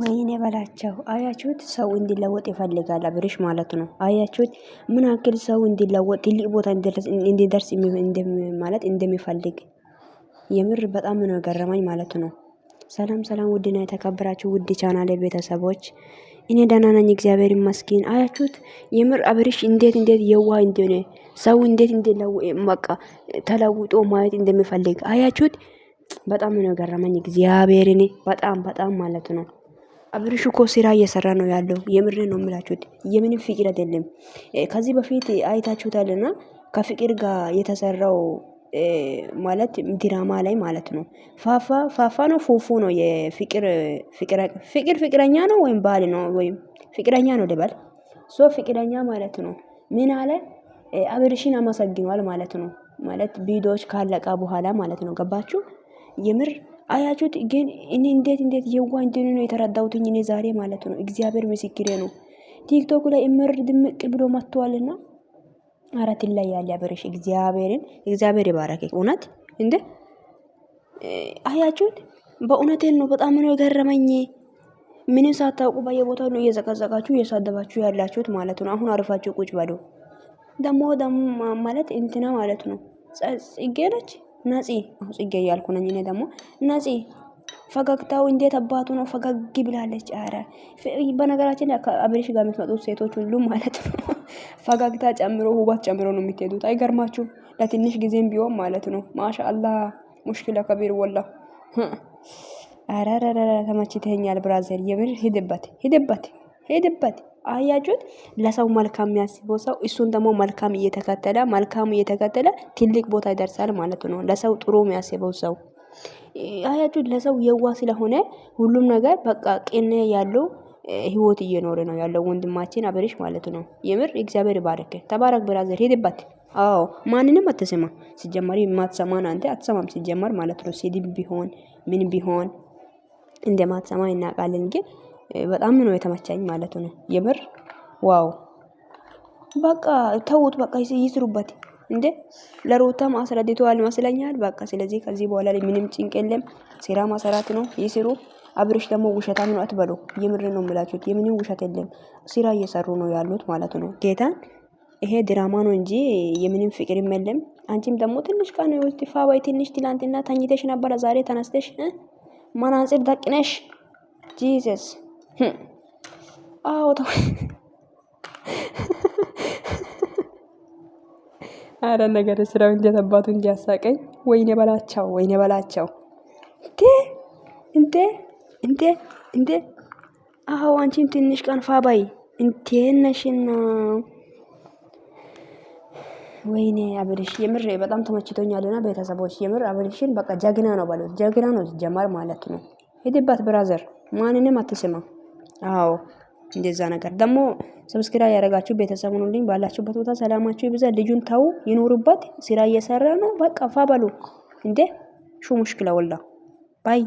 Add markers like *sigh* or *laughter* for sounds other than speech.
ወይኔ በላቸው። አያችሁት? ሰው እንዲለወጥ ይፈልጋል አብርሽ ማለት ነው። አያችሁት? ምን አክል ሰው እንዲለወጥ ትልቅ ቦታ እንዲደርስ ማለት እንደሚፈልግ የምር በጣም ነው ገረመኝ ማለት ነው። ሰላም ሰላም፣ ውድና የተከበራችሁ ውድ ቻናል ቤተሰቦች እኔ ደህና ነኝ፣ እግዚአብሔር ይመስገን። አያችሁት የምር አብርሽ እንዴት እንዴት የዋህ እንደሆነ ሰው እንዴት በቃ ተለውጦ ማየት እንደሚፈልግ አያችሁት። በጣም ነው ገረመኝ እግዚአብሔርን በጣም በጣም ማለት ነው። አብርሽ እኮ ስራ እየሰራ ነው ያለው። የምር ነው የምላችሁት፣ የምንም ፍቅር አይደለም። ከዚህ በፊት አይታችሁታልና ከፍቅር ጋር የተሰራው ማለት ድራማ ላይ ማለት ነው። ፋፋ ፋፋ ነው ፉፉ ነው የፍቅር ፍቅር ፍቅረኛ ነው ወይም ባል ነው ወይም ፍቅረኛ ነው ልበል። ሶ ፍቅረኛ ማለት ነው። ምን አለ አብርሽን አመሰግኗል ማለት ነው። ማለት ቪዲዮዎች ካለቃ በኋላ ማለት ነው። ገባችሁ የምር አያችሁት? ግን እኔ እንዴት እንዴት የዋ እንደሆነ ነው የተረዳሁትኝ እኔ ዛሬ ማለት ነው። እግዚአብሔር ምስክሬ ነው። ቲክቶክ ላይ እምር ድምቅ ብሎ መጥቷልና አራት ላይ ያለ ያበረሽ እግዚአብሔርን እግዚአብሔር ይባረክ። እውነት እንዴ አያችሁት? በእውነቴን ነው። በጣም ነው የገረመኝ። ምንም ሳታውቁ በየቦታው ነው እየዘቀዘቃችሁ እየሳደባችሁ ያላችሁት ማለት ነው። አሁን አሪፋችሁ ቁጭ በሉ። ደሞ ደሞ ማለት እንትና ማለት ነው ጽጌ ነች ነፂ ጽጌ እያልኩ ነኝ እኔ ደግሞ ነፂ ፈገግታው እንዴት አባቱ ነው ፈገግ ብላለች። አረ በነገራችን አብሬሽ ጋር የምትመጡት ሴቶች ሁሉ ማለት ነው *laughs* ፈገግታ ጨምሮ ውበት ጨምሮ ነው የምትሄዱት። አይገርማችሁም? ለትንሽ ጊዜም ቢሆን ማለት ነው። ማሻ አላህ ሙሽኪላ ከቢር ወላ *laughs* አረረረ ተመችተኛል። ብራዘር የምር ሂድበት፣ ሂድበት፣ ሂድበት። አያችሁት? ለሰው መልካም የሚያስበው ሰው እሱን ደግሞ መልካም እየተከተለ መልካም እየተከተለ ትልቅ ቦታ ይደርሳል ማለት ነው። ለሰው ጥሩ የሚያስበው ሰው አያችሁት? ለሰው የዋ ስለሆነ ሁሉም ነገር በቃ ቅኔ ያለው ህይወት እየኖረ ነው ያለው ወንድማችን አበሪሽ ማለት ነው። የምር እግዚአብሔር ይባርክ። ተባረክ ብራዘር፣ ሄድባት። አዎ ማንንም አትስማ ሲጀመር፣ የማትሰማን አንተ አትሰማም ሲጀመር ማለት ነው። ሴድም ቢሆን ምን ቢሆን እንደማትሰማ እናውቃለን ግን በጣም ነው የተመቻኝ ማለት ነው። የምር ዋው በቃ ተውት በቃ ይስሩበት እንዴ ለሩታም አስረድተዋል መስለኛል በቃ ስለዚህ ከዚህ በኋላ ላይ ምንም ጭንቅ የለም። ስራ ማሰራት ነው ይስሩ። አብርሽ ደግሞ ውሸታም ነው አትበሉ። የምር ነው የምላችሁት። የምንም ውሸት የለም። ስራ እየሰሩ ነው ያሉት ማለት ነው። ጌታን ይሄ ድራማ ነው እንጂ የምንም ፍቅር የለም። አንቺም ደግሞ ትንሽ ቀን ውስጥ ፋባይ ትንሽ ትላንትና ተኝተሽ ነበረ። ዛሬ ተነስተሽ መነጽር ደቅነሽ ጂሰስ አዎ ተው። አረ ነገር ስራው እንጂ ተባቱ እንጂ አሳቀኝ። ወይኔ በላቸው ወይኔ በላቸው። እንዴ እንዴ እንዴ እንዴ አዎ አንቺም ትንሽ ቀንፋ ባይ እንዴ ነሽና ወይኔ አብርሽ የምር በጣም ተመችቶኛልና፣ ቤተሰቦች የምር አብርሽን በቃ ጀግና ነው ባሉት ጀግና ነው ጀማር ማለት ነው። ሂድባት ብራዘር፣ ማንንም አትስማ። አዎ እንደዛ ነገር ደግሞ ሰብስክራይብ ያደረጋችሁ ቤተሰብ ሁኑልኝ። ባላችሁበት ቦታ ሰላማችሁ ይብዛ። ልጁን ተው ይኖሩበት ስራ እየሰራ ነው። በቃ ፋ በሉ እንዴ ሹ ሙሽክላ ወላ ባይ